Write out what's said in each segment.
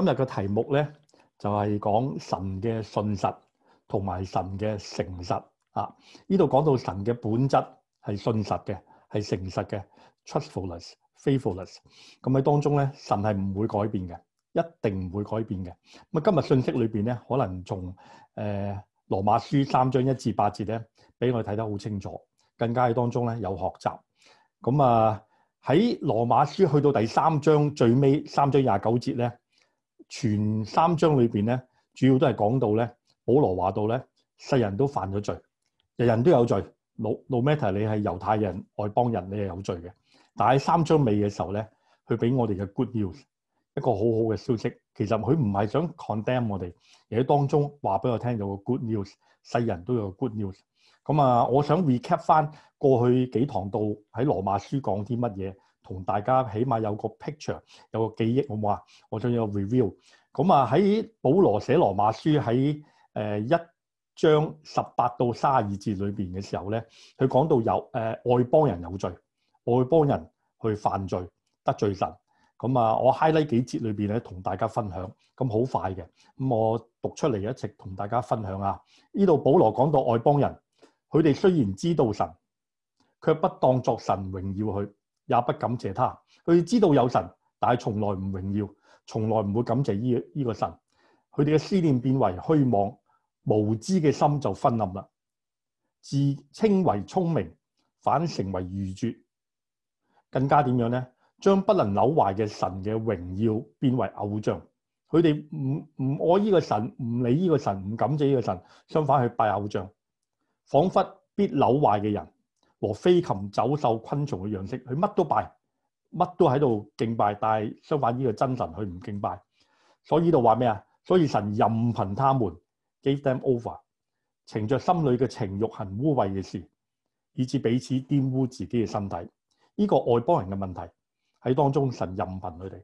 今日嘅題目咧，就係講神嘅信實同埋神嘅誠實啊！呢度講到神嘅本質係信實嘅，係誠實嘅 truthfulness、faithfulness。咁喺當中咧，神係唔會改變嘅，一定唔會改變嘅。咁啊，今日信息裏邊咧，可能從誒《羅馬書》三章一至八節咧，俾我哋睇得好清楚，更加喺當中咧有學習。咁啊，喺《羅馬書》去到第三章最尾三章廿九節咧。全三章裏邊咧，主要都係講到咧，保羅話到咧，世人都犯咗罪，人人都有罪。no matter 你係猶太人、外邦人，你係有罪嘅。但係三章尾嘅時候咧，佢俾我哋嘅 good news 一個好好嘅消息。其實佢唔係想 condemn 我哋，而喺當中話俾我聽有個 good news，世人都有 good news。咁啊，我想 recap 翻過去幾堂度喺羅馬書講啲乜嘢。同大家起碼有個 picture，有個記憶，好唔好啊？我想要 review 咁啊！喺、嗯、保羅寫羅馬書喺誒、呃、一章十八到卅二節裏邊嘅時候咧，佢講到有誒外、呃、邦人有罪，外邦人去犯罪得罪神。咁、嗯、啊，我 highlight 幾節裏邊咧，同大家分享。咁、嗯、好快嘅，咁、嗯、我讀出嚟一直同大家分享啊！呢度保羅講到外邦人，佢哋雖然知道神，卻不當作神榮耀佢。也不感謝他，佢知道有神，但係從來唔榮耀，從來唔會感謝呢個神。佢哋嘅思念變為虛妄，無知嘅心就昏暗啦。自稱為聰明，反成為愚拙。更加點樣咧？將不能朽壞嘅神嘅榮耀變為偶像。佢哋唔唔愛呢個神，唔理呢個神，唔感謝呢個神，相反去拜偶像，仿佛必朽壞嘅人。和飛禽走獸、昆蟲嘅樣式，佢乜都拜，乜都喺度敬拜。但係相反呢個真神，佢唔敬拜。所以呢度話咩啊？所以神任憑他們，give them over，情著心裏嘅情慾行污穢嘅事，以至彼此玷污自己嘅身體。呢個外邦人嘅問題喺當中，神任憑佢哋。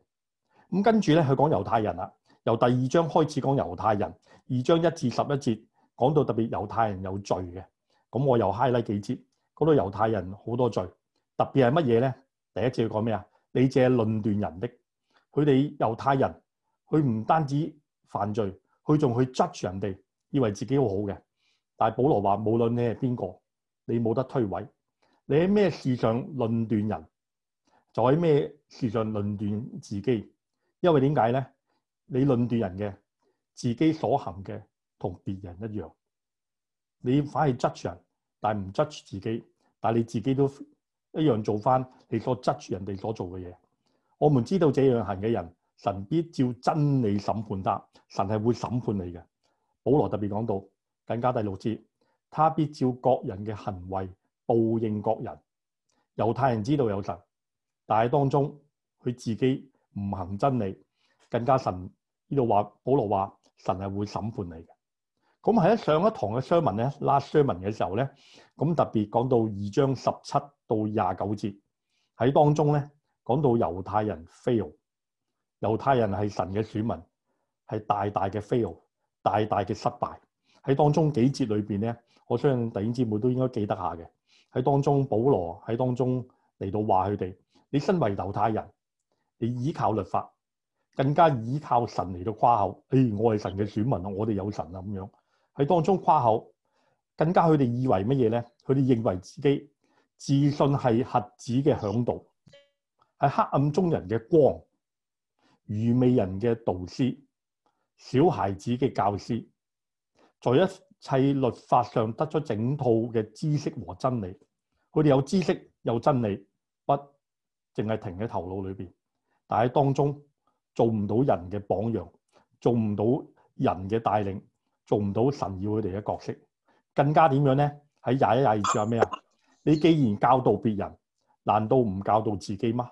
咁跟住咧，佢講猶太人啦，由第二章開始講猶太人，二章一至十一節講到特別猶太人有罪嘅。咁我又 highlight 幾節。嗰度猶太人好多罪，特別係乜嘢咧？第一次要講咩啊？你淨係論斷人的，佢哋猶太人，佢唔單止犯罪，佢仲去質住人哋，以為自己好好嘅。但係保羅話：無論你係邊個，你冇得推諉。你喺咩事上論斷人，就喺咩事上論斷自己。因為點解咧？你論斷人嘅自己所行嘅同別人一樣，你反而質住人。但唔執住自己，但係你自己都一樣做返你所執住人哋所做嘅嘢。我們知道這樣行嘅人，神必照真理審判他。神係會審判你嘅。保羅特別講到，更加第六節，他必照各人嘅行為報應各人。猶太人知道有神，但係當中佢自己唔行真理，更加神呢度話，保羅話，神係會審判你嘅。咁喺上一堂嘅 sermon 咧，last sermon 嘅時候咧，咁特別講到二章十七到廿九節喺當中咧，講到猶太人 fail，猶太人係神嘅選民，係大大嘅 fail，大大嘅失敗喺當中幾節裏邊咧，我相信弟兄姐妹都應該記得下嘅喺當中，保羅喺當中嚟到話佢哋，你身為猶太人，你依靠律法，更加依靠神嚟到誇口，誒、欸、我係神嘅選民啊，我哋有神啊咁樣。喺當中誇口，更加佢哋以為乜嘢呢？佢哋認為自己自信係核子嘅嚮導，係黑暗中人嘅光，愚昧人嘅導師，小孩子嘅教師，在一切律法上得咗整套嘅知識和真理。佢哋有知識有真理，不淨係停喺頭腦裏邊，但係當中做唔到人嘅榜樣，做唔到人嘅帶領。做唔到神要佢哋嘅角色，更加點樣咧？喺廿一、廿二節話咩啊？你既然教導別人，難道唔教導自己嗎？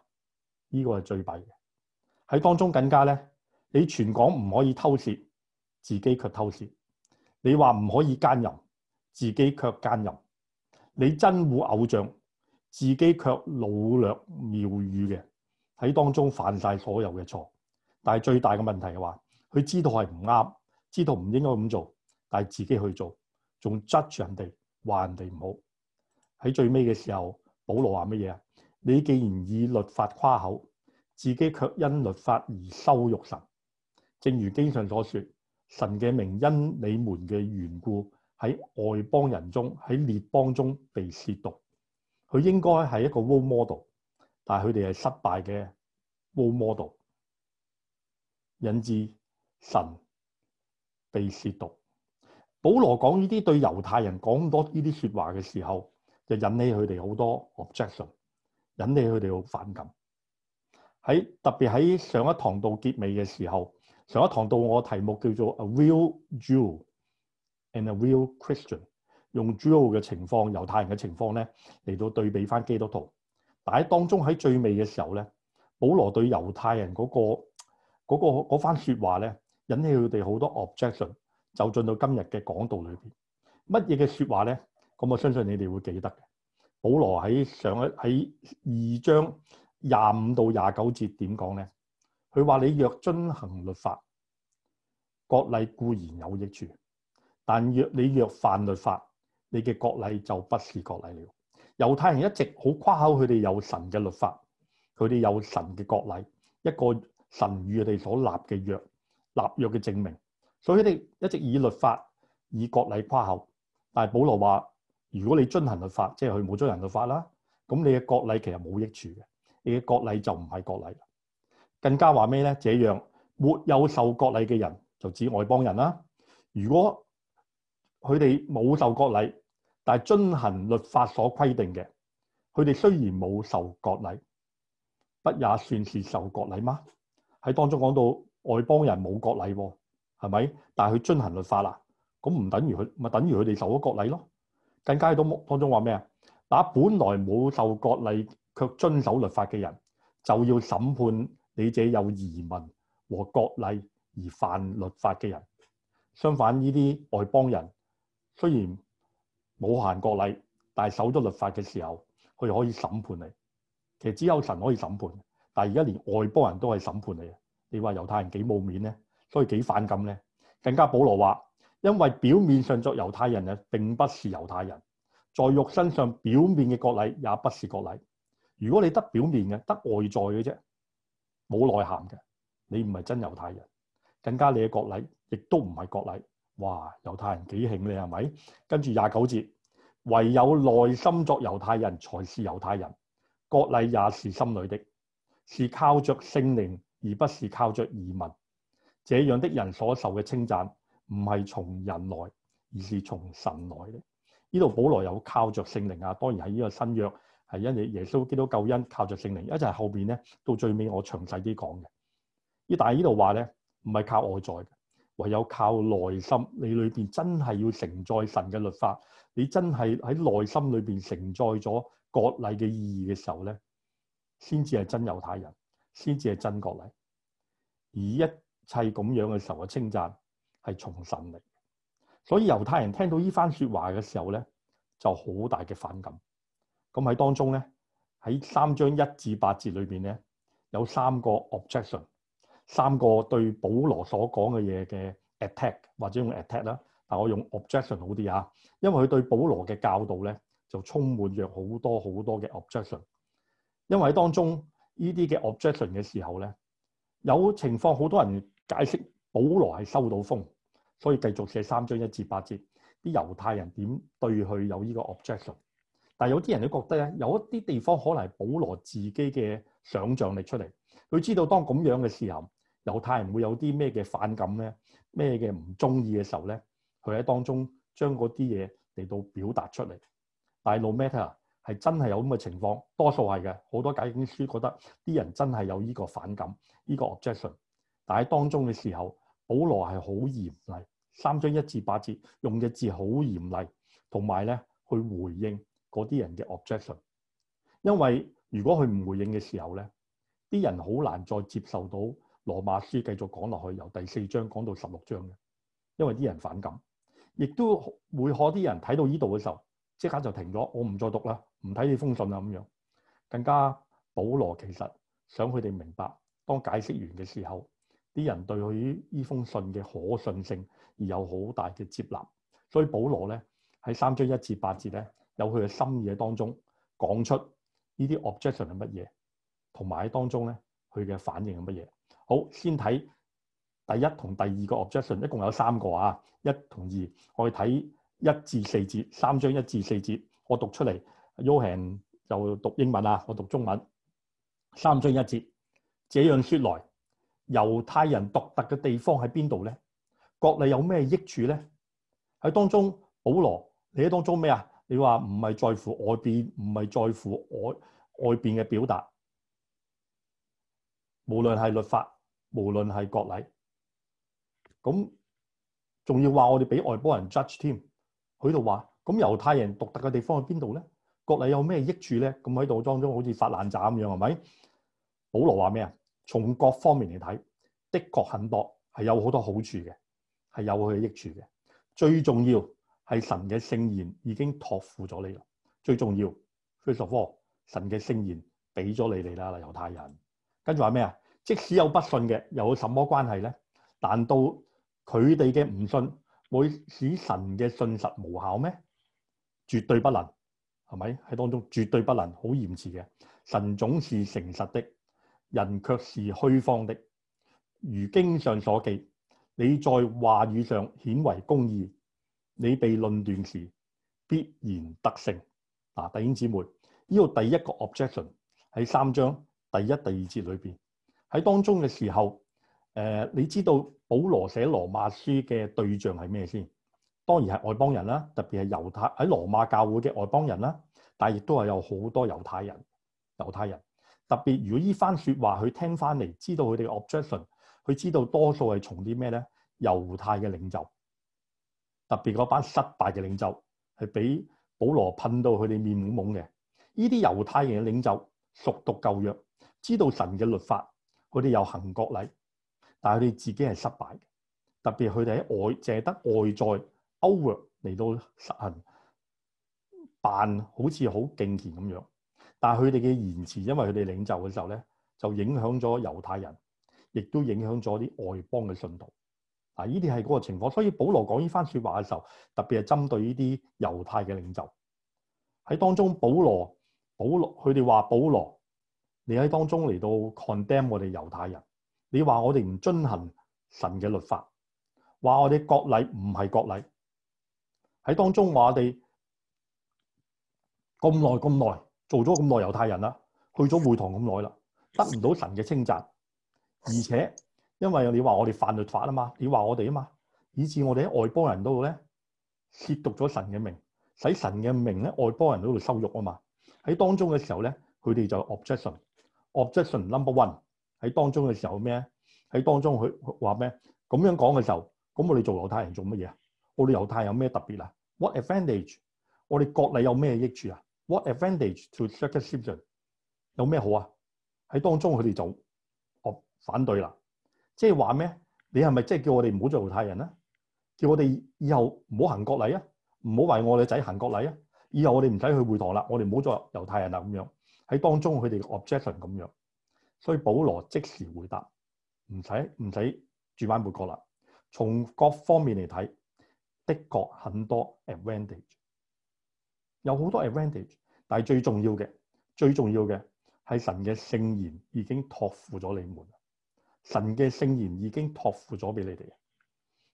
呢個係最弊嘅。喺當中更加咧，你全講唔可以偷竊，自己卻偷竊；你話唔可以奸淫，自己卻奸淫；你憎惡偶像，自己卻擄掠廟宇嘅。喺當中犯晒所有嘅錯，但係最大嘅問題係話，佢知道係唔啱。知道唔應該咁做，但係自己去做，仲 judge 住人哋話人哋唔好。喺最尾嘅時候，保羅話乜嘢啊？你既然以律法誇口，自己卻因律法而羞辱神。正如經上所說，神嘅名因你們嘅緣故喺外邦人中、喺列邦中被褻瀆。佢應該係一個 role model，但係佢哋係失敗嘅 role model，引致神。被褻瀆。保羅講呢啲對猶太人講咁多呢啲說話嘅時候，就引起佢哋好多 objection，引起佢哋好反感。喺特別喺上一堂到結尾嘅時候，上一堂到我嘅題目叫做 A Real Jew and a Real Christian，用 Jew 嘅情況、猶太人嘅情況咧嚟到對比翻基督徒。但喺當中喺最尾嘅時候咧，保羅對猶太人嗰個嗰個嗰番說話咧。引起佢哋好多 objection，就進到今日嘅講道裏邊，乜嘢嘅說話咧？咁我相信你哋會記得嘅。保羅喺上喺二章廿五到廿九節點講咧，佢話：你若遵行律法，割禮固然有益處，但若你若犯律法，你嘅割禮就不是割禮了。猶太人一直好誇口，佢哋有神嘅律法，佢哋有神嘅割禮，一個神與佢哋所立嘅約。立約嘅證明，所以你一直以律法、以國禮誇口。但係保羅話：如果你遵行律法，即係佢冇遵行律法啦，咁你嘅國禮其實冇益處嘅，你嘅國禮就唔係國禮。更加話咩咧？這樣沒有受國禮嘅人就指外邦人啦。如果佢哋冇受國禮，但係遵行律法所規定嘅，佢哋雖然冇受國禮，不也算是受國禮嗎？喺當中講到。外邦人冇國禮喎，係咪？但係佢遵行律法啦，咁唔等於佢咪等於佢哋受咗國禮咯？更加喺度當中話咩啊？打本來冇受國禮卻遵守律法嘅人，就要審判你者有移民和國禮而犯律法嘅人。相反，呢啲外邦人雖然冇行國禮，但係守咗律法嘅時候，佢可以審判你。其實只有神可以審判，但係而家連外邦人都係審判你。你話猶太人幾冇面呢？所以幾反感呢。更加保羅話，因為表面上作猶太人嘅並不是猶太人，在肉身上表面嘅國禮也不是國禮。如果你得表面嘅，得外在嘅啫，冇內涵嘅，你唔係真猶太人。更加你嘅國禮亦都唔係國禮。哇！猶太人幾興你係咪？跟住廿九節，唯有內心作猶太人才是猶太人，國禮也是心裏的，是靠着聖靈。而不是靠着儀文。這樣的人所受嘅稱讚，唔係從人來，而是從神來嘅。呢度保羅有靠着聖靈啊，當然喺呢個新約係因為耶穌基督救恩靠着聖靈，一齊後邊咧到最尾我詳細啲講嘅。但呢但係呢度話咧唔係靠外在嘅，唯有靠內心。你裏邊真係要承載神嘅律法，你真係喺內心裏邊承載咗割禮嘅意義嘅時候咧，先至係真猶太人。先至係真國禮，以一切咁樣嘅時候嘅稱讚係從神嚟，所以猶太人聽到呢番説話嘅時候咧，就好大嘅反感。咁喺當中咧，喺三章一至八節裏邊咧，有三個 objection，三個對保羅所講嘅嘢嘅 attack 或者用 attack 啦，但我用 objection 好啲啊，因為佢對保羅嘅教導咧就充滿咗好多好多嘅 objection，因為喺當中。呢啲嘅 objection 嘅時候咧，有情況好多人解釋保羅係收到風，所以繼續寫三章一至八節，啲猶太人點對佢有呢個 objection。但係有啲人都覺得咧，有一啲地方可能係保羅自己嘅想像力出嚟。佢知道當咁樣嘅時候，猶太人會有啲咩嘅反感咧，咩嘅唔中意嘅時候咧，佢喺當中將嗰啲嘢嚟到表達出嚟。But no matter. 係真係有咁嘅情況，多數係嘅。好多解經書覺得啲人真係有呢個反感，呢個 objection。但係當中嘅時候，保羅係好嚴厲，三章一至八節用嘅字好嚴厲，同埋咧去回應嗰啲人嘅 objection。因為如果佢唔回應嘅時候咧，啲人好難再接受到羅馬書繼續講落去由第四章講到十六章嘅，因為啲人反感，亦都會可啲人睇到呢度嘅時候即刻就停咗，我唔再讀啦。唔睇呢封信啦，咁樣更加。保羅其實想佢哋明白，當解釋完嘅時候，啲人對佢呢封信嘅可信性而有好大嘅接納。所以保羅咧喺三章一至八節咧，有佢嘅心意當中講出呢啲 objection 係乜嘢，同埋喺當中咧佢嘅反應係乜嘢。好，先睇第一同第二個 objection，一共有三個啊，一同二。我哋睇一至四節，三章一至四節，我讀出嚟。y o h 約 n 就讀英文啊，我讀中文。三章一節，這樣說來，猶太人獨特嘅地方喺邊度咧？國禮有咩益處咧？喺當中保羅，你喺當中咩啊？你話唔係在乎外邊，唔係在乎外在乎外邊嘅表達，無論係律法，無論係國禮，咁仲要話我哋俾外邦人 judge 添。佢度話：，咁猶太人獨特嘅地方喺邊度咧？割禮有咩益處呢？咁喺度當中好似發爛渣咁樣，係咪？保羅話咩啊？從各方面嚟睇，的確很多係有好多好處嘅，係有佢嘅益處嘅。最重要係神嘅聖言已經托付咗你啦。最重要了了，first of all，神嘅聖言俾咗你嚟啦，嗱，猶太人。跟住話咩啊？即使有不信嘅，又有什麼關係咧？難道佢哋嘅唔信會使神嘅信實無效咩？絕對不能。係咪喺當中，絕對不能，好嚴詞嘅？神總是誠實的，人卻是虛謊的。如經上所記，你在話語上顯為公義，你被論斷時必然得勝。嗱，弟兄姊妹，呢個第一個 objection 喺三章第一、第二節裏邊喺當中嘅時候，誒、呃、你知道保羅寫羅馬書嘅對象係咩先？當然係外邦人啦，特別係猶太喺羅馬教會嘅外邦人啦，但係亦都係有好多猶太人。猶太人特別如果依番説話佢聽翻嚟，知道佢哋嘅 objection，佢知道多數係從啲咩咧？猶太嘅領袖，特別嗰班失敗嘅領袖，係俾保羅噴到佢哋面懵懵嘅。呢啲猶太人嘅領袖熟讀舊約，知道神嘅律法，佢哋有行國禮，但係佢哋自己係失敗嘅，特別佢哋喺外淨係得外在。over 嚟到實行辦，扮好似好敬虔咁樣，但係佢哋嘅言辭，因為佢哋領袖嘅時候咧，就影響咗猶太人，亦都影響咗啲外邦嘅信徒。啊，呢啲係嗰個情況，所以保羅講呢番說話嘅時候，特別係針對呢啲猶太嘅領袖喺當中保。保羅保羅佢哋話保羅你喺當中嚟到 condemn 我哋猶太人，你話我哋唔遵循神嘅律法，話我哋國禮唔係國禮。喺當中話我哋咁耐咁耐做咗咁耐猶太人啦，去咗會堂咁耐啦，得唔到神嘅稱讚，而且因為你話我哋犯律法啊嘛，你話我哋啊嘛，以致我哋喺外邦人度咧褻瀆咗神嘅名，使神嘅名咧外邦人度收辱啊嘛。喺當中嘅時候咧，佢哋就 objection，objection number one。喺當中嘅時候咩？喺當中佢話咩？咁樣講嘅時候，咁我哋做猶太人做乜嘢啊？到我哋猶太有咩特別啊？What advantage？我哋國禮有咩益處啊？What advantage to s circumcision？有咩好啊？喺當中佢哋就 o 反對啦，即係話咩？你係咪即係叫我哋唔好做猶太人啊？叫我哋以後唔好行國禮啊？唔好為我哋仔行國禮啊？以後我哋唔使去會堂啦，我哋唔好做猶太人啦咁樣。喺當中佢哋 objection 咁樣。所以保羅即時回答，唔使唔使轉彎抹角啦，從各方面嚟睇。的確很多 advantage，有好多 advantage，但係最重要嘅，最重要嘅係神嘅聖言已經托付咗你們，神嘅聖言已經托付咗俾你哋。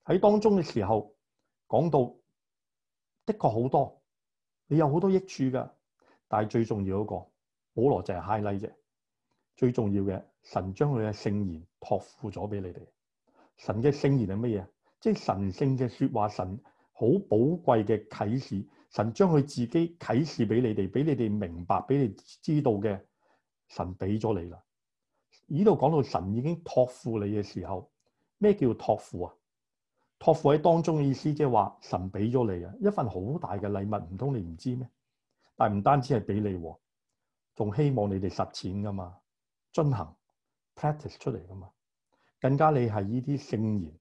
喺當中嘅時候講到的確好多，你有好多益處噶但係最重要嗰個，保羅就係 highlight 啫。最重要嘅，神將佢嘅聖言託付咗俾你哋。神嘅聖言係乜嘢？即係神聖嘅說話，神好寶貴嘅啟示，神將佢自己啟示俾你哋，俾你哋明白，俾你知道嘅，神俾咗你啦。呢度講到神已經托付你嘅時候，咩叫託付啊？託付喺當中嘅意思，即係話神俾咗你啊，一份好大嘅禮物，唔通你唔知咩？但係唔單止係俾你，仲希望你哋實踐噶嘛，進行 practice 出嚟噶嘛，更加你係呢啲聖言。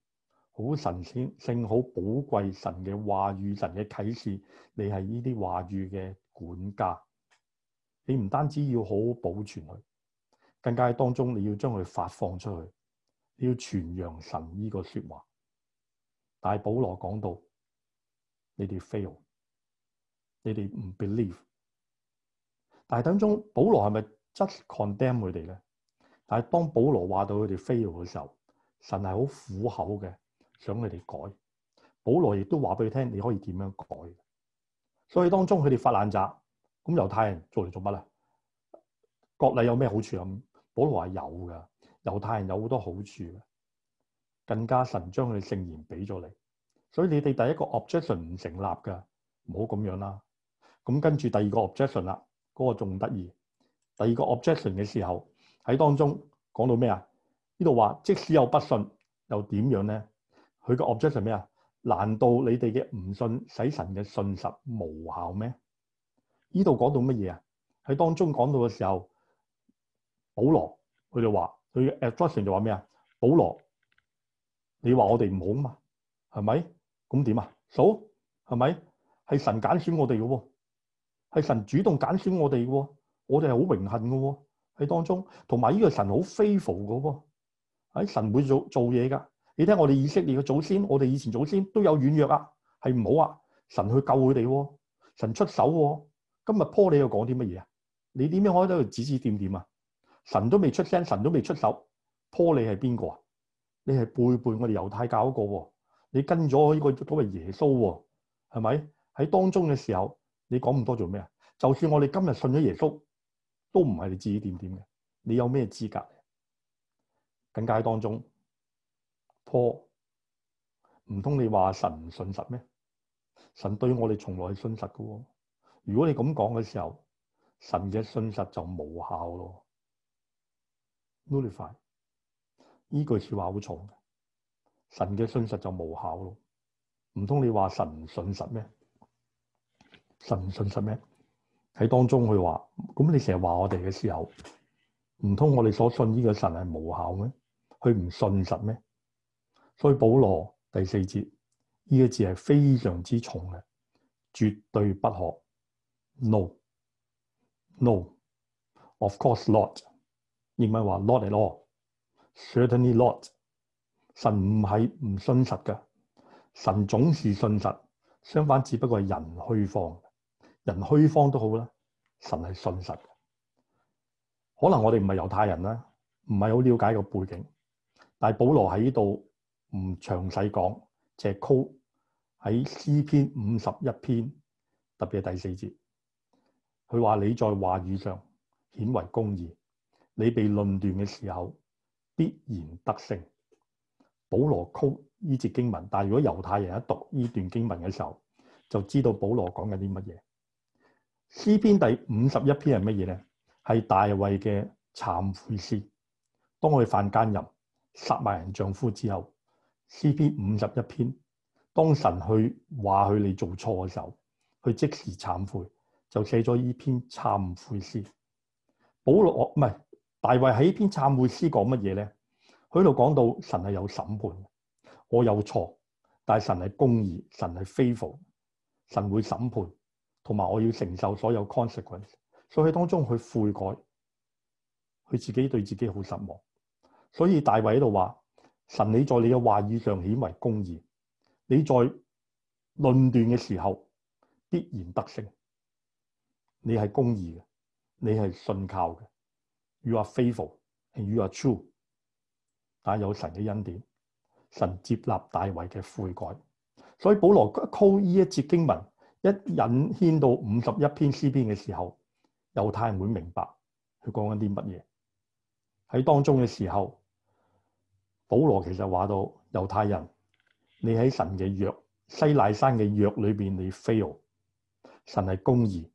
神好神聖，幸好寶貴神嘅話語，神嘅啟示，你係呢啲話語嘅管家。你唔單止要好好保存佢，更加係當中你要將佢發放出去，你要傳揚神呢個說話。但係保羅講到你哋 fail，你哋唔 believe。但係當中保羅係咪 just condemn 佢哋咧？但係當保羅話到佢哋 fail 嘅時候，神係好苦口嘅。想你哋改，保羅亦都話俾你聽，你可以點樣改？所以當中佢哋發爛渣咁，猶太人做嚟做乜咧？割禮有咩好處？咁保羅話有噶，猶太人有好多好處嘅，更加神將佢哋聖言俾咗你，所以你哋第一個 objection 唔成立噶，唔好咁樣啦。咁跟住第二個 objection 啦，嗰個仲得意。第二個 objection 嘅時候喺當中講到咩啊？呢度話即使有不信又點樣咧？佢個 object 係咩啊？難道你哋嘅唔信使神嘅信實無效咩？呢度講到乜嘢啊？喺當中講到嘅時候，保羅佢就話佢嘅 address 就話咩啊？保羅，你話我哋唔好嘛？係咪？咁點啊？數係咪？係神揀選我哋嘅喎，係神主動揀選我哋嘅喎，我哋係好榮幸嘅喎。喺當中同埋呢個神好 faithful 嘅喎，喺、哎、神會做做嘢㗎。你聽我哋以色列嘅祖先，我哋以前祖先都有軟弱啊，係唔好啊，神去救佢哋啊，神出手啊。今日保羅你又講啲乜嘢啊？你點樣可以喺度指指點點啊？神都未出聲，神都未出手，保羅你係邊個啊？你係背叛我哋猶太教嗰個啊？你跟咗呢個所謂耶穌？係咪喺當中嘅時候你講咁多做咩啊？就算我哋今日信咗耶穌，都唔係你指指點點嘅，你有咩資格？更加喺當中。破唔通？Paul，你話神唔信實咩？神對我哋從來係信實嘅喎。如果你咁講嘅時候，神嘅信實就無效咯。Nullify，呢句説話好重。神嘅信實就無效咯。唔通你話神唔信實咩？神唔信實咩？喺當中佢話咁，你成日話我哋嘅時候，唔通我哋所信呢個神係無效咩？佢唔信實咩？所以保羅第四節呢個字係非常之重嘅，絕對不可 no no of course not。亦唔係話 not at all, certainly not。神唔係唔信實嘅，神總是信實。相反，只不過係人虛放。人虛放都好啦。神係信實的。可能我哋唔係猶太人啦，唔係好了解這個背景，但係保羅喺呢度。唔詳細講，只係 quote 喺詩篇五十一篇，特別係第四節，佢話，你在話語上顯為公義，你被論斷嘅時候必然得勝。保羅 quote 呢節經文，但係如果猶太人一讀呢段經文嘅時候，就知道保羅講緊啲乜嘢。詩篇第五十一篇係乜嘢咧？係大衛嘅懺悔詩，當佢犯姦淫殺埋人丈夫之後。詩篇五十一篇，當神去話佢你做錯嘅時候，佢即時懺悔，就寫咗呢篇懺悔詩。保羅我唔係大衛喺呢篇懺悔詩講乜嘢咧？佢喺度講到神係有審判，我有錯，但係神係公義，神係 faithful，神會審判，同埋我要承受所有 consequence。所以當中佢悔改，佢自己對自己好失望。所以大衛喺度話。神，你在你嘅話語上顯為公義，你在論斷嘅時候必然得勝。你係公義嘅，你係信靠嘅，與話 faithful，與話 true。但，有神嘅恩典，神接納大衛嘅悔改。所以保羅一 call 呢一節經文，一引牽到五十一篇詩篇嘅時候，猶太人會明白佢講緊啲乜嘢喺當中嘅時候。保羅其實話到猶太人，你喺神嘅約，西乃山嘅約裏邊你 fail，神係公義，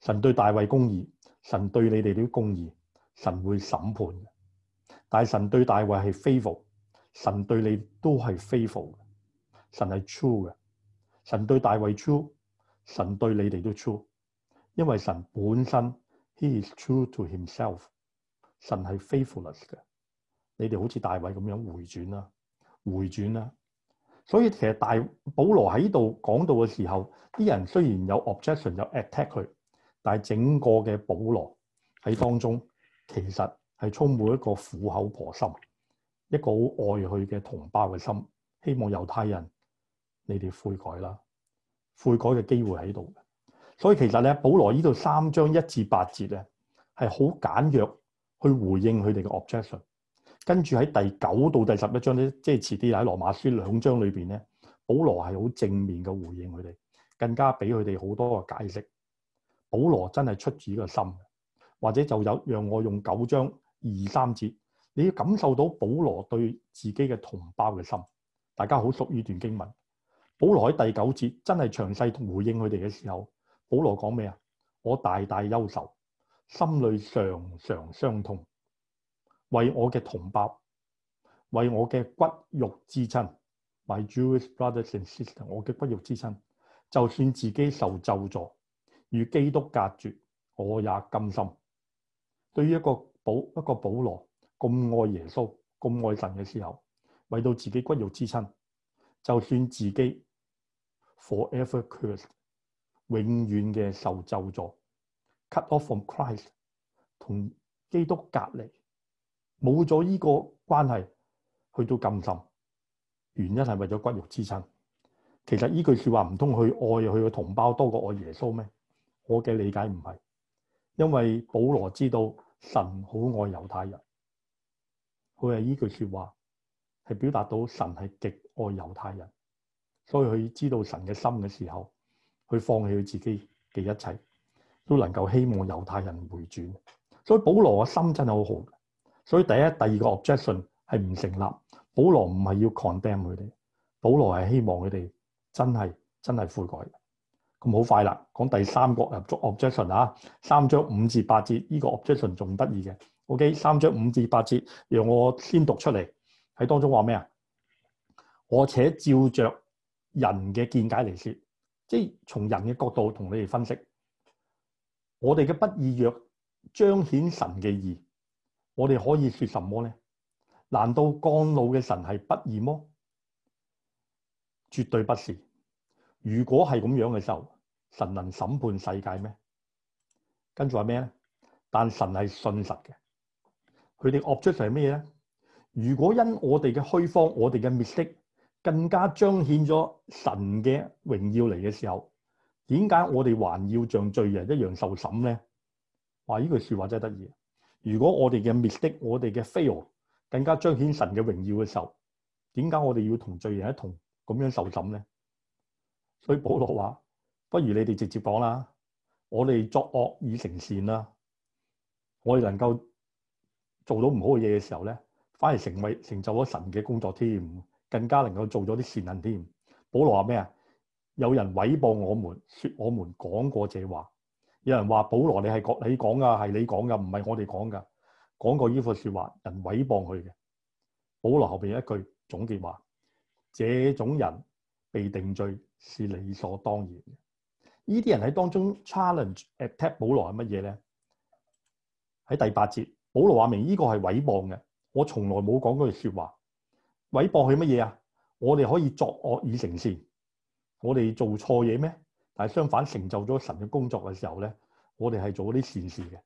神對大衛公義，神對你哋都公義，神會審判。但係神對大衛係 faithful，神對你都係 faithful，神係 true 嘅，神對大衛 true，神對你哋都 true，因為神本身 He is true to himself，神係 faithfulness 嘅。你哋好似大衛咁樣回轉啦，回轉啦、啊啊。所以其實大保羅喺度講到嘅時候，啲人雖然有 objection，有 attack 佢，但係整個嘅保羅喺當中其實係充滿一個苦口婆心，一個好愛佢嘅同胞嘅心，希望猶太人你哋悔改啦，悔改嘅機會喺度。所以其實咧，保羅呢度三章一至八節咧係好簡約去回應佢哋嘅 objection。跟住喺第九到第十一章咧，即係遲啲喺羅馬書兩章裏邊咧，保羅係好正面嘅回應佢哋，更加俾佢哋好多個解釋。保羅真係出自個心，或者就有讓我用九章二三節，你要感受到保羅對自己嘅同胞嘅心。大家好熟呢段經文，保羅喺第九節真係詳細回應佢哋嘅時候，保羅講咩啊？我大大憂愁，心裏常常傷痛。為我嘅同胞，為我嘅骨肉之親，My Jewish brothers and sisters，我嘅骨肉之親，就算自己受咒詛，與基督隔絕，我也甘心。對於一個保一個保羅咁愛耶穌、咁愛神嘅時候，為到自己骨肉之親，就算自己 forever cursed，永遠嘅受咒詛，cut off from Christ，同基督隔離。冇咗呢個關係去到咁深，原因係為咗骨肉之親。其實呢句說話唔通佢愛佢嘅同胞多過愛耶穌咩？我嘅理解唔係，因為保羅知道神好愛猶太人，佢係呢句說話係表達到神係極愛猶太人，所以佢知道神嘅心嘅時候，佢放棄佢自己嘅一切，都能夠希望猶太人回轉。所以保羅嘅心真係好好。所以第一、第二個 objection 係唔成立。保羅唔係要 condemn 佢哋，保羅係希望佢哋真係真係悔改的。咁好快啦，講第三個入觸 objection 啊，三章五至八節，呢個 objection 仲得意嘅。OK，三章五至八節，讓我先讀出嚟，喺當中話咩啊？我且照着人嘅見解嚟説，即係從人嘅角度同你哋分析，我哋嘅不義若彰顯神嘅義。我哋可以說什麼呢？難道降怒嘅神係不義麼？絕對不是。如果係咁樣嘅時候，神能審判世界咩？跟住話咩咧？但神係信實嘅。佢哋惡出嚟係咩嘢咧？如果因我哋嘅虛荒，我哋嘅滅息，更加彰顯咗神嘅榮耀嚟嘅時候，點解我哋還要像罪人一樣受審咧？話呢句說話真係得意。如果我哋嘅 mistake，我哋嘅 fail，更加彰顯神嘅榮耀嘅時候，點解我哋要同罪人一同咁樣受審咧？所以保羅話：不如你哋直接講啦，我哋作惡以成善啦，我哋能夠做到唔好嘅嘢嘅時候咧，反而成為成就咗神嘅工作添，更加能夠做咗啲善行添。保羅話咩啊？有人毀謗我們，說我們講過這話。有人話保羅你係講你講噶係你講噶，唔係我哋講噶。講過呢句說話，人誹謗佢嘅。保羅後邊有一句總結話：這種人被定罪是理所當然嘅。呢啲人喺當中 challenge attack 保羅係乜嘢咧？喺第八節，保羅話明呢個係誹謗嘅。我從來冇講句說話，誹謗佢乜嘢啊？我哋可以作惡以成善，我哋做錯嘢咩？但係相反，成就咗神嘅工作嘅時候咧，我哋係做啲善事嘅。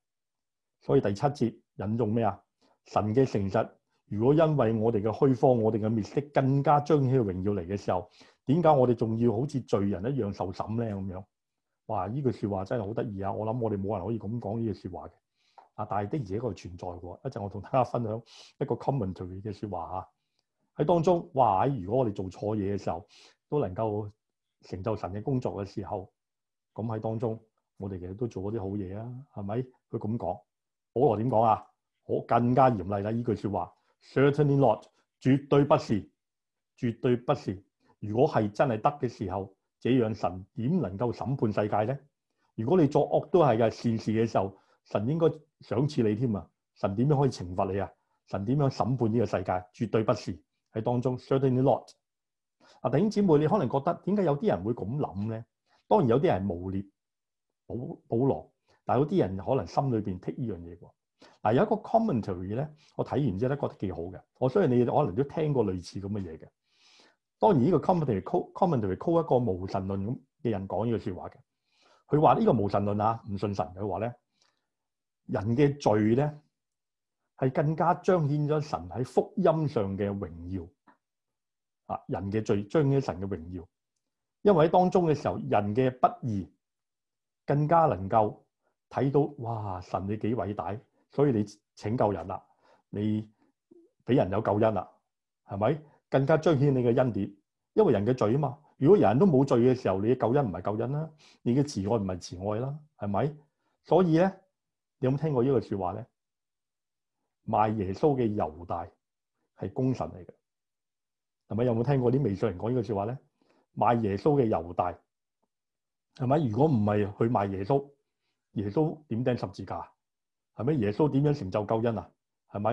所以第七節引用咩啊？神嘅誠實，如果因為我哋嘅虛謊，我哋嘅面積更加將起嘅榮耀嚟嘅時候，點解我哋仲要好似罪人一樣受審咧？咁樣，哇！呢句説話真係好得意啊！我諗我哋冇人可以咁講呢句説話嘅。啊，但係的而且確存在喎。一陣我同大家分享一個 commentary 嘅説話啊。喺當中，哇！如果我哋做錯嘢嘅時候，都能夠，成就神嘅工作嘅時候，咁喺當中，我哋其實都做咗啲好嘢啊，係咪？佢咁講，保羅點講啊？我更加嚴厲啦！呢句説話，Certainly not，絕對不是，絕對不是。如果係真係得嘅時候，這樣神點能夠審判世界咧？如果你作惡都係嘅善事嘅時候，神應該賞賜你添啊！神點樣可以懲罰你啊？神點樣審判呢個世界？絕對不是喺當中，Certainly not。啊，弟兄姐妹，你可能覺得點解有啲人會咁諗咧？當然有啲人係誣衊保保羅，但係有啲人可能心裏邊剔依樣嘢喎。嗱，有一個 commentary 咧，我睇完之後咧覺得幾好嘅。我相信你可能都聽過類似咁嘅嘢嘅。當然呢個 commentary call commentary call 一個無神論咁嘅人講呢個説話嘅。佢話呢個無神論啊，唔信神佢話咧，人嘅罪咧係更加彰顯咗神喺福音上嘅榮耀。人嘅罪，彰顯神嘅榮耀。因為喺當中嘅時候，人嘅不義更加能夠睇到，哇！神你幾偉大，所以你拯救人啦，你俾人有救恩啦，係咪？更加彰顯你嘅恩典，因為人嘅罪啊嘛。如果人人都冇罪嘅時候，你嘅救恩唔係救恩啦，你嘅慈愛唔係慈愛啦，係咪？所以咧，你有冇聽過呢句說話咧？賣耶穌嘅猶大係功臣嚟嘅。係咪？有冇聽過啲未信人講呢個說話咧？賣耶穌嘅猶大，係咪？如果唔係去賣耶穌，耶穌點掟十字架？係咪？耶穌點樣成就救恩啊？係咪？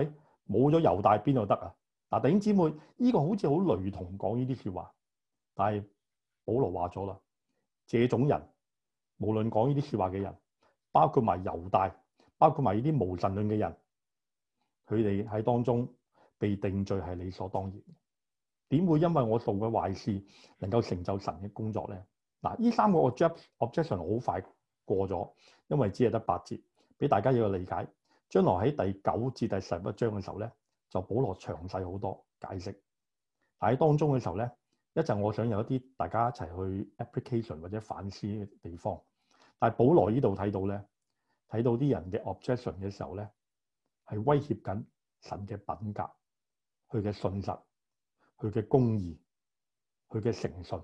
冇咗猶大邊度得啊？嗱，弟兄姊妹，呢個好似好雷同講呢啲說話，但係保羅話咗啦，這種人，無論講呢啲說話嘅人，包括埋猶大，包括埋呢啲無神論嘅人，佢哋喺當中被定罪係理所當然。點會因為我做嘅壞事能夠成就神嘅工作咧？嗱，呢三個 objection 好快過咗，因為只係得八節，俾大家一個理解。將來喺第九至第十一章嘅時候咧，就保羅詳細好多解釋。但喺當中嘅時候咧，一陣我想有一啲大家一齊去 application 或者反思嘅地方。但係保羅呢度睇到咧，睇到啲人嘅 objection 嘅時候咧，係威脅緊神嘅品格、佢嘅信實。佢嘅公義，佢嘅誠信，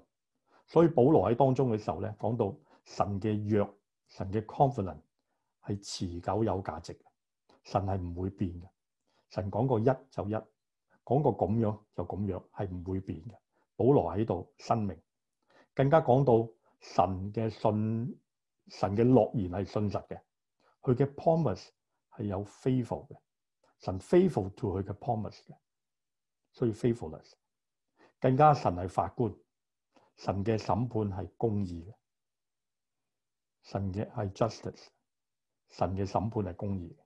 所以保羅喺當中嘅時候咧，講到神嘅約，神嘅 confidence 係持久有價值，神係唔會變嘅。神講過一就一，講過咁樣就咁樣，係唔會變嘅。保羅喺度申命，更加講到神嘅信，神嘅諾言係信實嘅，佢嘅 promise 係有 faithful 嘅，神 faithful to 佢嘅 promise 嘅，所以 faithfulness。更加神係法官，神嘅審判係公義嘅，神嘅係 justice，神嘅審判係公義嘅，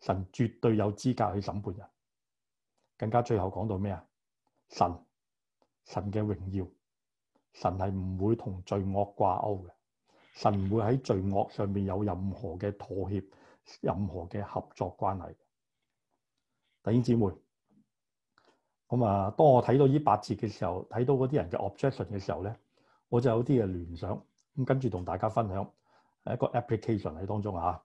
神絕對有資格去審判人。更加最後講到咩啊？神，神嘅榮耀，神係唔會同罪惡掛鈎嘅，神唔會喺罪惡上面有任何嘅妥協，任何嘅合作關係。弟兄姊妹。咁啊，當我睇到呢八節嘅時候，睇到嗰啲人嘅 objection 嘅時候咧，我就有啲嘅聯想，咁跟住同大家分享一個 application 喺當中嚇。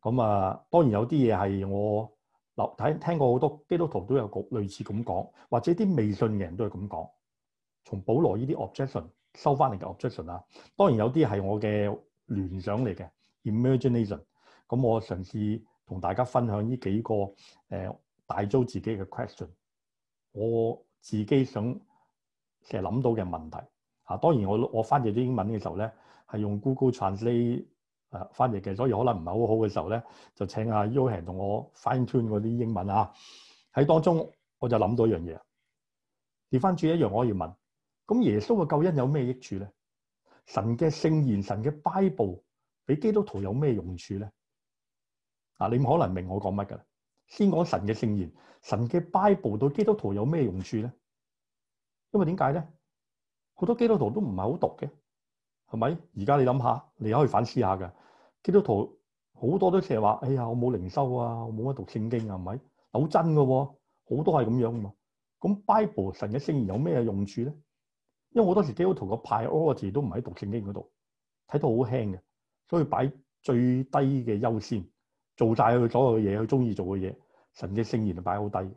咁啊，當然有啲嘢係我嗱睇聽過，好多基督徒都有個類似咁講，或者啲未信嘅人都係咁講。從保羅呢啲 objection 收翻嚟嘅 objection 啊，當然有啲係我嘅聯想嚟嘅 imagination。咁 imag 我嘗試同大家分享呢幾個誒、呃、大租自己嘅 question。我自己想成日諗到嘅問題啊，當然我我翻譯啲英文嘅時候咧，係用 Google Translate 誒翻譯嘅，所以可能唔係好好嘅時候咧，就請阿 Yohan 同我 fine tune 嗰啲英文啊。喺當中我就諗到一樣嘢，調翻轉一樣，我可以問：咁耶穌嘅救恩有咩益處咧？神嘅聖言、神嘅 Bible，俾基督徒有咩用處咧？啊，你唔可能明我講乜㗎啦！先講神嘅聖言，神嘅《Bible》對基督徒有咩用處咧？因為點解咧？好多基督徒都唔係好讀嘅，係咪？而家你諗下，你可以反思下㗎。基督徒好多都成日話，哎呀，我冇靈修啊，我冇乜讀聖經啊，係咪？好真嘅，啊，好多係咁樣嘛，啊。」咁《Bible》神嘅聖言有咩用處咧？因為好多時基督徒個 priority 都唔喺讀聖經嗰度，睇到好輕嘅，所以擺最低嘅優先。做晒佢所有嘅嘢，佢中意做嘅嘢，神嘅聖言就擺好低，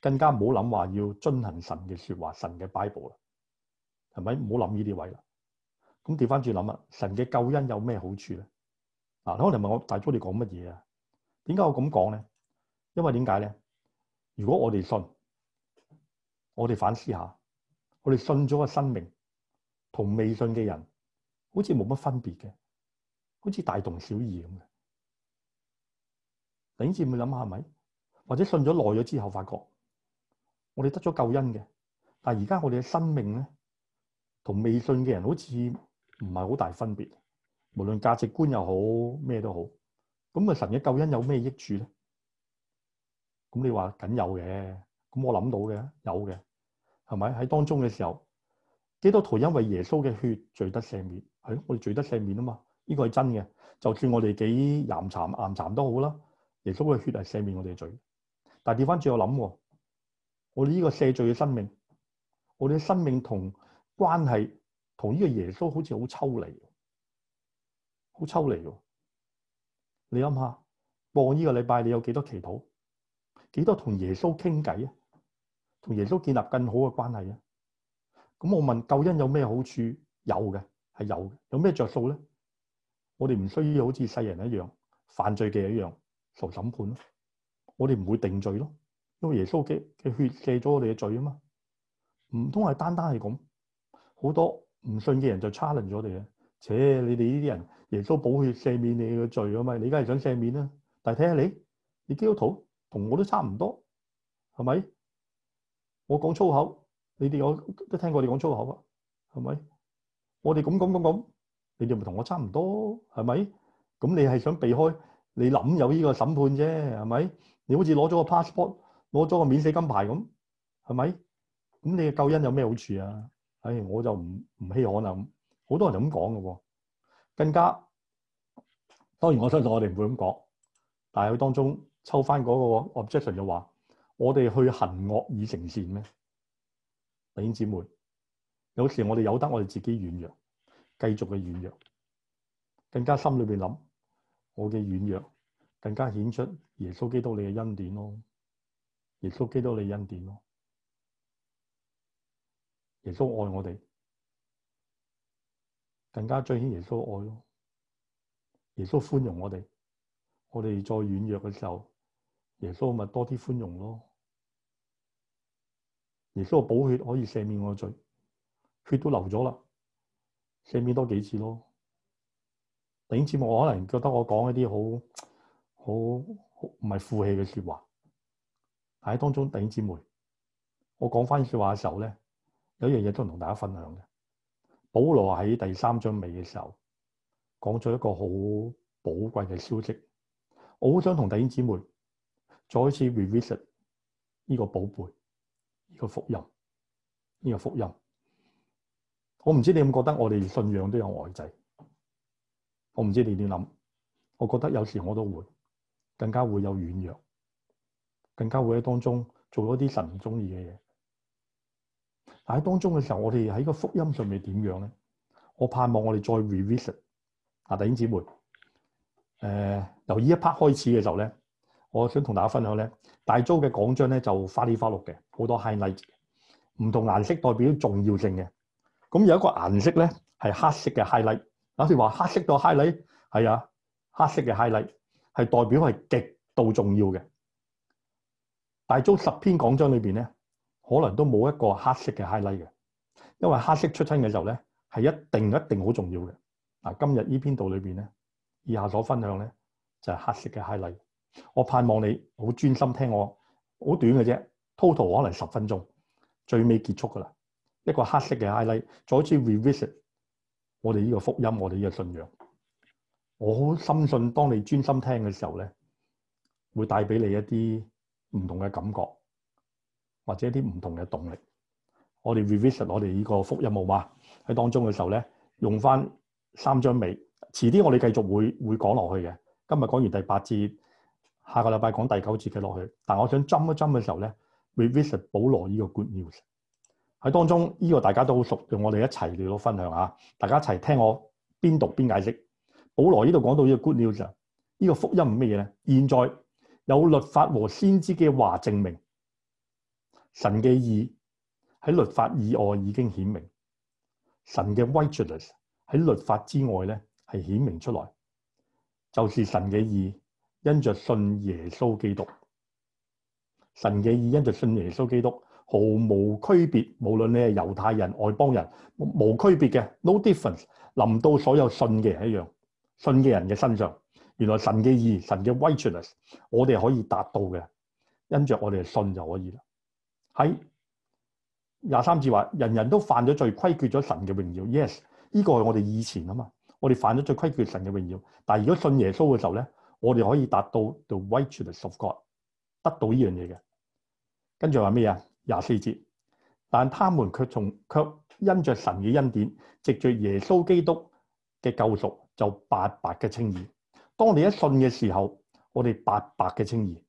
更加唔好諗話要遵行神嘅說話，神嘅擺布啦，係咪？唔好諗呢啲位啦。咁調翻轉諗啊，神嘅救恩有咩好處咧？嗱，你可能問我大叔你講乜嘢啊？點解我咁講咧？因為點解咧？如果我哋信，我哋反思下，我哋信咗嘅生命同未信嘅人好似冇乜分別嘅，好似大同小異咁等於你會諗下，係咪？或者信咗耐咗之後，發覺我哋得咗救恩嘅，但係而家我哋嘅生命呢，同未信嘅人好似唔係好大分別。無論價值觀又好，咩都好，咁啊神嘅救恩有咩益處呢？咁你話僅有嘅，咁我諗到嘅有嘅係咪？喺當中嘅時候，基督徒因為耶穌嘅血罪得赦免，係、哎、我哋罪得赦免啊嘛。呢個係真嘅，就算我哋幾淫殘、淫殘都好啦。耶穌嘅血係赦免我哋嘅罪，但係調翻轉我諗，我哋呢個赦罪嘅生命，我哋嘅生命同關係同呢個耶穌好似好抽離，好抽離。你諗下，過呢個禮拜你有幾多祈禱，幾多同耶穌傾偈啊？同耶穌建立更好嘅關係啊？咁我問救恩有咩好處？有嘅係有嘅。有咩着數咧？我哋唔需要好似世人一樣犯罪嘅一樣。受審判咯，我哋唔會定罪咯，因為耶穌嘅嘅血赦咗我哋嘅罪啊嘛。唔通係單單係咁，好多唔信嘅人就 challenge 咗我哋嘅。且你哋呢啲人，耶穌寶血赦免你嘅罪啊嘛。你而家係想赦免啊？但係睇下你，你基督徒同我都差唔多，係咪？我講粗口，你哋我都聽過你講粗口啊，係咪？我哋咁咁咁咁，你哋咪同我差唔多，係咪？咁你係想避開？你諗有呢個審判啫，係咪？你好似攞咗個 passport，攞咗個免死金牌咁，係咪？咁你嘅救恩有咩好處啊？唉、哎，我就唔唔稀罕啦。好多人就咁講嘅喎，更加當然我相信我哋唔會咁講，但係佢當中抽翻嗰個 objection 就話：我哋去行惡以成善咩？弟兄姊妹，有時我哋有得我哋自己軟弱，繼續嘅軟弱，更加心裏面諗。我嘅軟弱，更加顯出耶穌基督你嘅恩典咯。耶穌基督你嘅恩典咯。耶穌愛我哋，更加彰顯耶穌愛咯。耶穌寬容我哋，我哋再軟弱嘅時候，耶穌咪多啲寬容咯。耶穌嘅寶血可以赦免我嘅罪，血都流咗啦，赦免多幾次咯。弟兄姊妹，我可能覺得我講一啲好、好唔係負氣嘅說話，但係當中弟兄姊妹，我講翻說話嘅時候咧，有一樣嘢都同大家分享嘅。保羅喺第三章尾嘅時候講咗一個好寶貴嘅消息，我好想同弟兄姊妹再一次 revisit 呢個寶貝、呢個福音、呢個福音。我唔知你有冇覺得，我哋信仰都有外在。我唔知你點諗，我覺得有時我都會更加會有軟弱，更加會喺當中做咗啲神唔中意嘅嘢。但喺當中嘅時候，我哋喺個福音上面點樣咧？我盼望我哋再 revisit。嗱，弟兄姊妹，誒、呃，由呢一 part 開始嘅時候咧，我想同大家分享咧，大租嘅講章咧就花里花碌嘅，好多 highlight，唔同顏色代表重要性嘅。咁有一個顏色咧係黑色嘅 highlight。有時話黑色個 highlight 係啊，黑色嘅 highlight 係代表係極度重要嘅。但係總十篇講章裏邊咧，可能都冇一個黑色嘅 highlight 嘅，因為黑色出親嘅時候咧係一定一定好重要嘅。嗱，今日呢篇度裏邊咧，以下所分享咧就係黑色嘅 highlight。我盼望你好專心聽我，好短嘅啫，total 可能十分鐘，最尾結束噶啦，一個黑色嘅 highlight。再次 revisit。我哋呢個福音，我哋呢個信仰，我好深信，當你專心聽嘅時候咧，會帶俾你一啲唔同嘅感覺，或者一啲唔同嘅動力。我哋 revisit 我哋呢個福音好嘛？喺當中嘅時候咧，用翻三張尾，遲啲我哋繼續會會講落去嘅。今日講完第八節，下個禮拜講第九節嘅落去。但我想斟一斟嘅時候咧，revisit 保羅呢個 good news。喺當中呢、這個大家都好熟，用我哋一齊嚟到分享下。大家一齊聽我邊讀邊解釋。保羅呢度講到呢個 good news，呢個福音係咩嘢咧？現在有律法和先知嘅話證明神嘅義喺律法以外已經顯明，神嘅 righteousness 喺律法之外咧係顯明出來，就是神嘅義因着信耶穌基督，神嘅義因着信耶穌基督。毫無區別，無論你係猶太人、外邦人，無區別嘅，no difference。臨到所有信嘅人一樣，信嘅人嘅身上，原來神嘅義、神嘅 righteousness，我哋可以達到嘅。跟住我哋信就可以啦。喺廿三節話，人人都犯咗罪，虧缺咗神嘅榮耀。Yes，呢個係我哋以前啊嘛，我哋犯咗罪，虧缺神嘅榮耀。但係如果信耶穌嘅時候咧，我哋可以達到 the righteousness of God，得到呢樣嘢嘅。跟住話咩啊？廿四節，但他們卻從卻因着神嘅恩典，藉着耶穌基督嘅救贖，就白白嘅稱義。當你一信嘅時候，我哋白白嘅稱義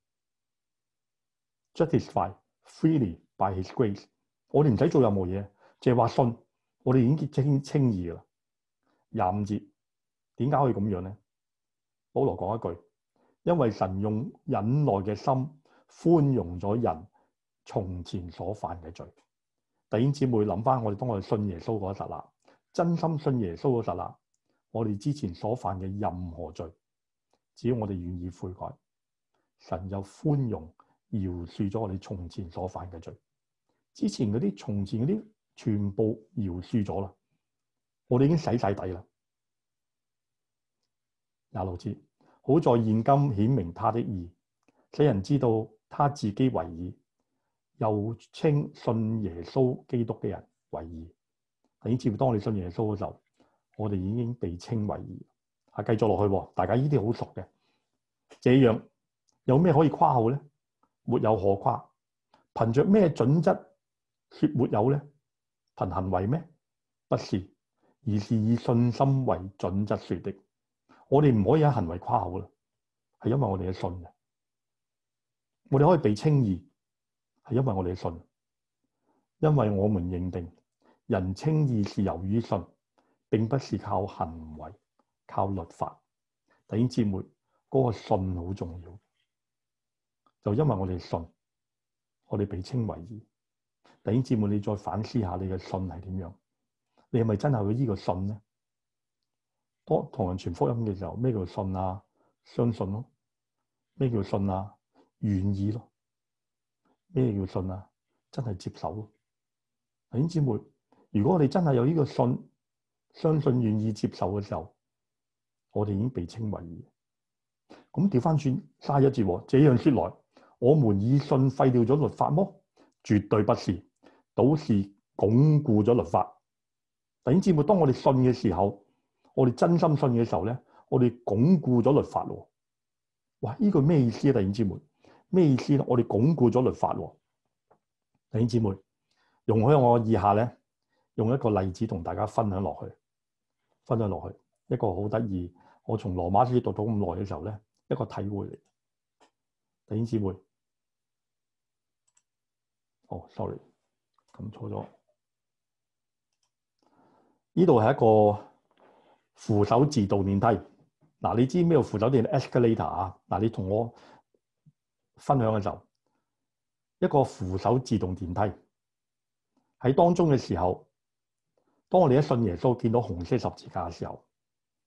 ，Justify freely by His grace。我哋唔使做任何嘢，淨係話信，我哋已經結清稱義噶啦。廿五節，點解可以咁樣咧？保羅講一句，因為神用忍耐嘅心寬容咗人從前所犯嘅罪，弟兄姊妹諗翻，我哋當我哋信耶穌嗰一剎那，真心信耶穌嗰一剎那，我哋之前所犯嘅任何罪，只要我哋願意悔改，神就寬容饒恕咗我哋從前所犯嘅罪。之前嗰啲，從前嗰啲全部饒恕咗啦，我哋已經洗晒底啦。廿六節，好在現今顯明他的義，使人知道他自己為義。又稱信耶穌基督嘅人為義。你似乎當我哋信耶穌嘅時候，我哋已經被稱為義。嚇，繼續落去，大家呢啲好熟嘅。這樣有咩可以誇口咧？沒有可誇？憑着咩準則説沒有咧？憑行為咩？不是，而是以信心為準則説的。我哋唔可以喺行為誇口啦，係因為我哋嘅信嘅。我哋可以被稱義。係因為我哋信，因為我們認定人稱義是由於信，並不是靠行為、靠律法。弟兄姊妹，嗰、那個信好重要。就因為我哋信，我哋被稱為義。弟兄姊妹，你再反思下你嘅信係點樣？你係咪真係會依個信呢？當同人傳福音嘅時候，咩叫信啊？相信咯、啊。咩叫信啊？願意咯、啊。咩叫信啊？真係接受咯。弟兄姊妹，如果我哋真係有呢個信，相信願意接受嘅時候，我哋已經被稱為。咁調翻轉，嘥一字。這樣說來，我們以信廢掉咗律法麼？絕對不是，倒是鞏固咗律法。弟兄姊妹，當我哋信嘅時候，我哋真心信嘅時候咧，我哋鞏固咗律法咯。哇！呢個咩意思啊？弟兄姊妹？咩意思咧？我哋鞏固咗律法喎。哦，弟兄姊妹，容許我以下咧，用一個例子同大家分享落去，分享落去一個好得意。我從羅馬書讀咗咁耐嘅時候咧，一個體會嚟。弟兄姊妹，哦，sorry，咁錯咗。呢度係一個扶手自動電梯。嗱，你知咩叫扶手電梯，Escalator 啊，嗱，你同我。分享嘅就一個扶手自動電梯，喺當中嘅時候，當我哋一信耶穌見到紅色十字架嘅時候，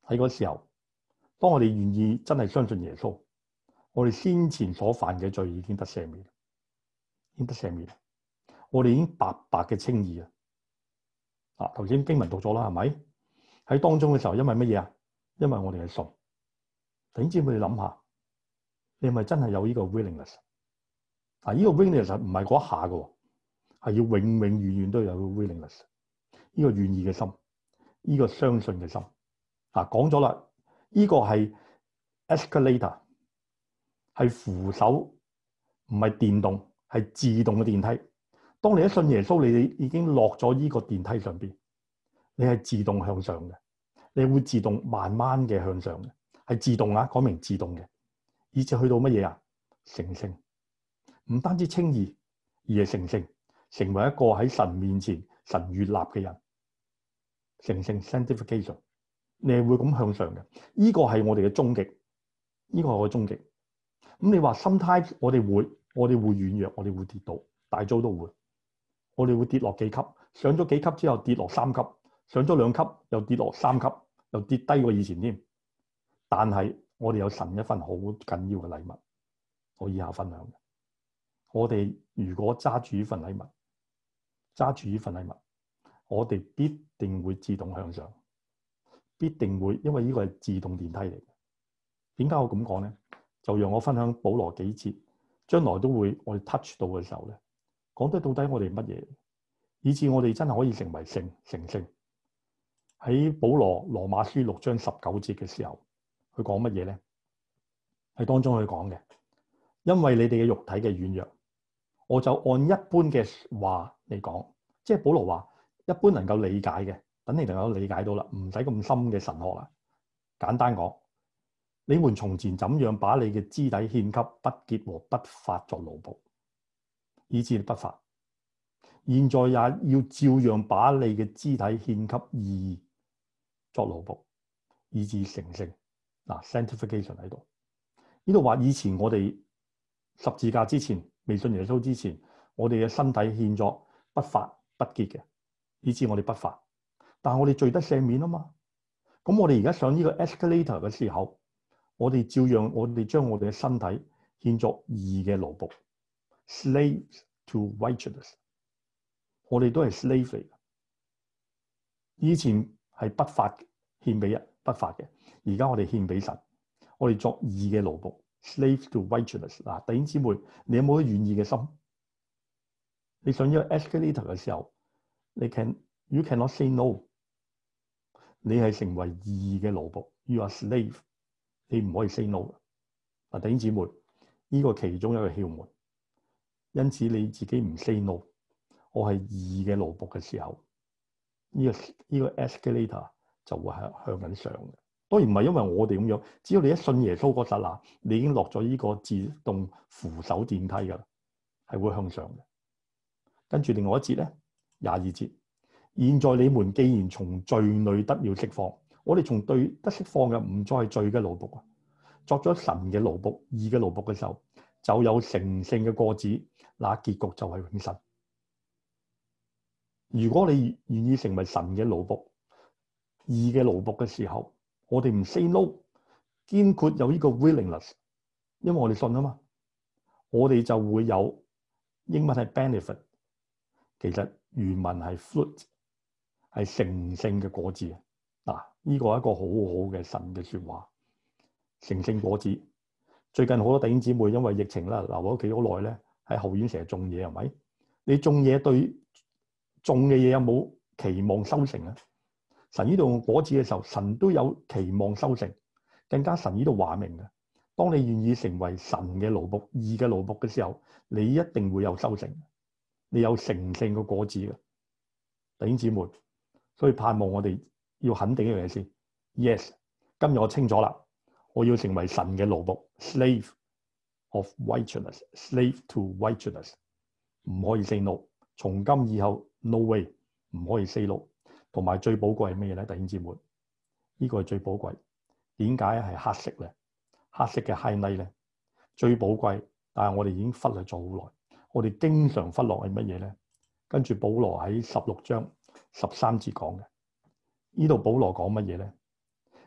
喺嗰時候，當我哋願意真係相信耶穌，我哋先前所犯嘅罪已經得赦免，已經得赦免，我哋已經白白嘅清義啊！啊，頭先經文讀咗啦，係咪？喺當中嘅時候，因為乜嘢啊？因為我哋係信，等陣我哋諗下？你咪真係有呢個 willingness 啊！呢個 willingness 唔係嗰下嘅，係要永永遠遠都有個 willingness，呢個願意嘅心，呢個相信嘅心。啊，講咗啦，呢個係 escalator，係扶手，唔係電動，係自動嘅電梯。當你一信耶穌，你哋已經落咗依個電梯上邊，你係自動向上嘅，你會自動慢慢嘅向上嘅，係自動啊，講明自動嘅。以至去到乜嘢啊？成聖，唔單止稱義，而係成聖，成為一個喺神面前神悅納嘅人，成聖 sanctification，你係會咁向上嘅。呢、這個係我哋嘅終極，呢、這個係我嘅終極。咁、嗯、你話心態，我哋會，我哋會軟弱，我哋會跌倒，大災都會，我哋會跌落幾級，上咗幾級之後跌落三級，上咗兩級又跌落三級，又跌低過以前添。但係。我哋有神一份好緊要嘅禮物，我以下分享嘅。我哋如果揸住呢份禮物，揸住呢份禮物，我哋必定會自動向上，必定會，因為呢個係自動電梯嚟嘅。點解我咁講咧？就讓我分享保羅幾節，將來都會我哋 touch 到嘅時候咧，講得到，到底我哋乜嘢，以至我哋真係可以成為聖成聖。喺保羅羅馬書六章十九節嘅時候。佢講乜嘢咧？係當中去講嘅，因為你哋嘅肉體嘅軟弱，我就按一般嘅話嚟講，即係保羅話一般能夠理解嘅，等你能夠理解到啦，唔使咁深嘅神學啦。簡單講，你們從前怎樣把你嘅肢體獻給不潔和不法作奴僕，以至不法，現在也要照樣把你嘅肢體獻給義作奴僕，以至成聖。嗱 sanctification 喺度，呢度話以前我哋十字架之前、未信耶穌之前，我哋嘅身體獻咗不法不潔嘅，以至我哋不法。但係我哋罪得赦免啊嘛。咁我哋而家上呢個 escalator 嘅時候，我哋照樣我哋將我哋嘅身體獻咗義嘅奴僕，slaves to righteousness 我 sl。我哋都係 slavery，以前係不法獻俾一不法嘅，而家我哋獻俾神，我哋作義嘅奴僕，slave to righteousness。嗱，弟兄姊妹，你有冇得願意嘅心？你想要 escalator 嘅時候，你 can you cannot say no。你係成為義嘅奴僕，you are slave。你唔可以 say no。嗱，弟兄姊妹，呢個其中一個竅門，因此你自己唔 say no，我係義嘅奴僕嘅時候，呢個呢個 escalator。就會係向緊上嘅，當然唔係因為我哋咁樣，只要你一信耶穌嗰剎那時，你已經落咗呢個自動扶手電梯噶啦，係會向上嘅。跟住另外一節咧，廿二節，現在你們既然從罪裡得要釋放，我哋從罪得釋放嘅，唔再係罪嘅奴僕啊，作咗神嘅奴僕、義嘅奴僕嘅時候，就有成聖嘅果子，那結局就係永生。如果你願意成為神嘅奴僕。二嘅蘿蔔嘅時候，我哋唔 say no，堅括有呢個 willingness，因為我哋信啊嘛，我哋就會有英文係 benefit，其實原文係 fruit，係成聖嘅果子啊！嗱，呢個係一個好好嘅神嘅說話，成聖果子。最近好多弟兄姊妹因為疫情啦，留喺屋企好耐咧，喺後院成日種嘢，係咪？你種嘢對種嘅嘢有冇期望收成啊？神呢度用果子嘅時候，神都有期望收成，更加神呢度話明嘅。當你願意成為神嘅奴僕、義嘅奴僕嘅時候，你一定會有收成，你有成聖嘅果子嘅弟兄姊妹。所以盼望我哋要肯定一樣嘢先，Yes，今日我清楚啦，我要成為神嘅奴僕，slave of righteousness，slave to righteousness，唔可以 say no，從今以後，no way，唔可以 say no。同埋最寶貴係咩咧？弟兄姊妹，呢、這個係最寶貴。點解係黑色咧？黑色嘅 highlight 咧，最寶貴。但係我哋已經忽略咗好耐。我哋經常忽略係乜嘢咧？跟住保羅喺十六章十三節講嘅，呢度保羅講乜嘢咧？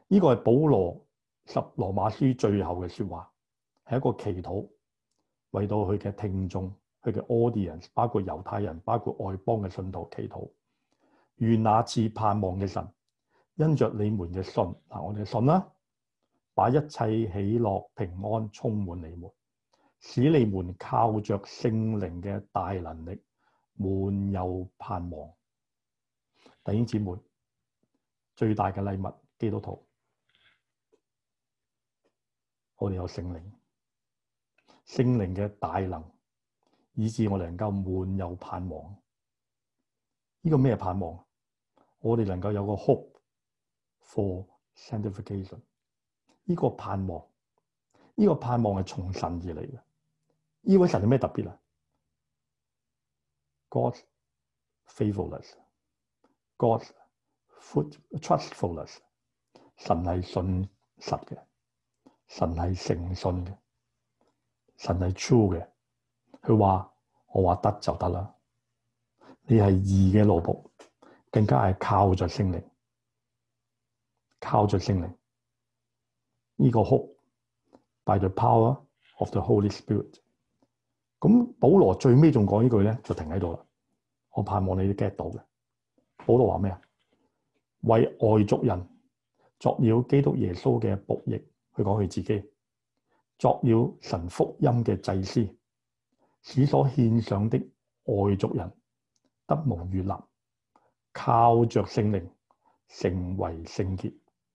呢、這個係保羅十羅馬書最後嘅說話，係一個祈禱，為到佢嘅聽眾、佢嘅 audience，包括猶太人、包括外邦嘅信徒祈禱。願那次盼望嘅神，因着你們嘅信，我哋嘅信啦，把一切喜樂平安充滿你們，使你們靠着聖靈嘅大能力滿有盼望。弟兄姊妹，最大嘅禮物，基督徒，我哋有聖靈，聖靈嘅大能，以致我哋能夠滿有盼望。呢個咩盼望？我哋能夠有個 hope for sanctification。呢個盼望，呢個盼望係從神而嚟嘅。呢位神係咩特別啊？God's faithfulness，God's trustfulness，神係信實嘅，神係誠信嘅，神係 true 嘅。佢話我話得就得啦。你係二嘅羅卜，更加係靠着聖靈，靠著聖靈呢個 hope，by the power of the Holy Spirit。咁、嗯、保羅最尾仲講呢句咧，就停喺度啦。我盼望你 get 到保羅話咩啊？為外族人作妖基督耶穌嘅僕役，去講佢自己作妖神福音嘅祭司，使所獻上的外族人。得蒙悅納，靠着聖靈成為聖潔。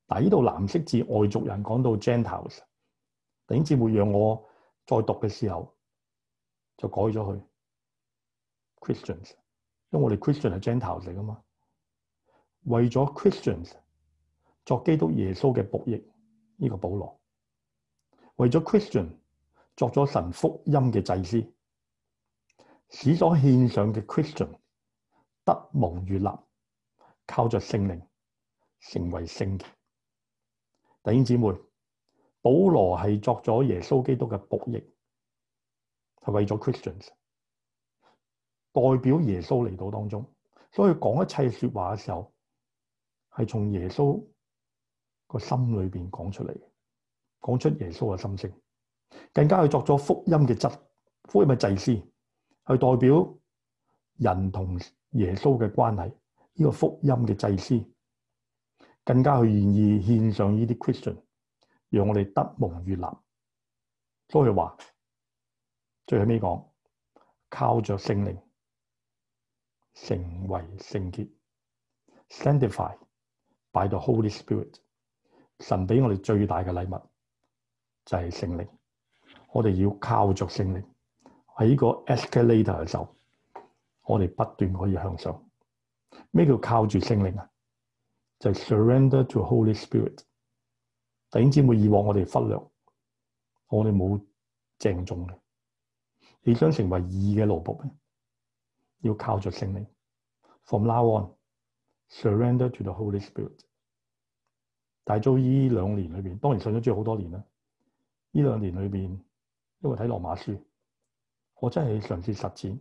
嗱，呢度藍色字外族人講到 gentiles，i 頂至會讓我再讀嘅時候就改咗佢 christians，因為我哋 christian 係 gentiles i 嚟噶嘛。為咗 christians 作基督耶穌嘅僕役，呢、這個保羅為咗 christian 作咗神福音嘅祭司，使所獻上嘅 christian。不蒙悅納，靠着聖靈成為聖嘅弟兄姊妹。保羅係作咗耶穌基督嘅僕役，係為咗 Christians 代表耶穌嚟到當中，所以講一切說話嘅時候係從耶穌個心裏邊講出嚟，講出耶穌嘅心聲。更加佢作咗福音嘅質，福音嘅祭司，係代表人同。耶穌嘅關係，呢、這個福音嘅祭司，更加去願意獻上呢啲 Christian，讓我哋得蒙悅納。所以話最後一講，靠着聖靈成為聖潔，sanctify by the Holy Spirit。神俾我哋最大嘅禮物就係、是、聖靈，我哋要靠着聖靈喺個 escalator 嘅時候。我哋不斷可以向上，咩叫靠住聖靈啊？就係 surrender to Holy Spirit。弟兄姊妹，以往我哋忽略，我哋冇鄭重嘅。你想成為義嘅奴僕咩？要靠住聖靈。From now on, surrender to the Holy Spirit。但係做呢兩年裏邊，當然信主之後好多年啦。呢兩年裏邊，因為睇羅馬書，我真係嘗試實踐。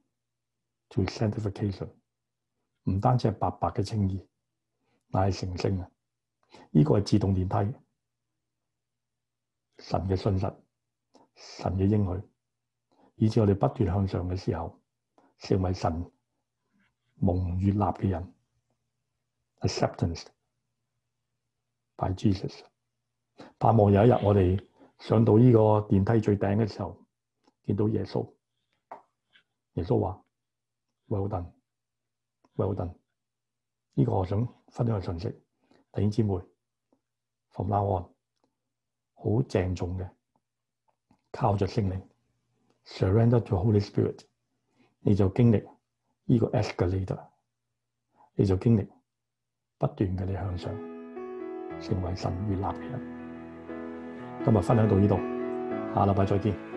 to sanctification 唔單止係白白嘅稱義，乃係成聖啊！呢、呢個係自動電梯，神嘅信實，神嘅應許，以至我哋不斷向上嘅時候，成為神蒙悅納嘅人。Acceptance by Jesus，盼望有一日我哋上到呢個電梯最頂嘅時候，見到耶穌。耶穌話。Well done，Well done，呢個我想分享嘅訊息，弟兄姊妹，from now on，好鄭重嘅，靠着聖靈，surrender to Holy Spirit，你就經歷呢個 escalator，你就經歷不斷嘅你向上，成為神與納嘅人。今日分享到呢度，下禮拜再見。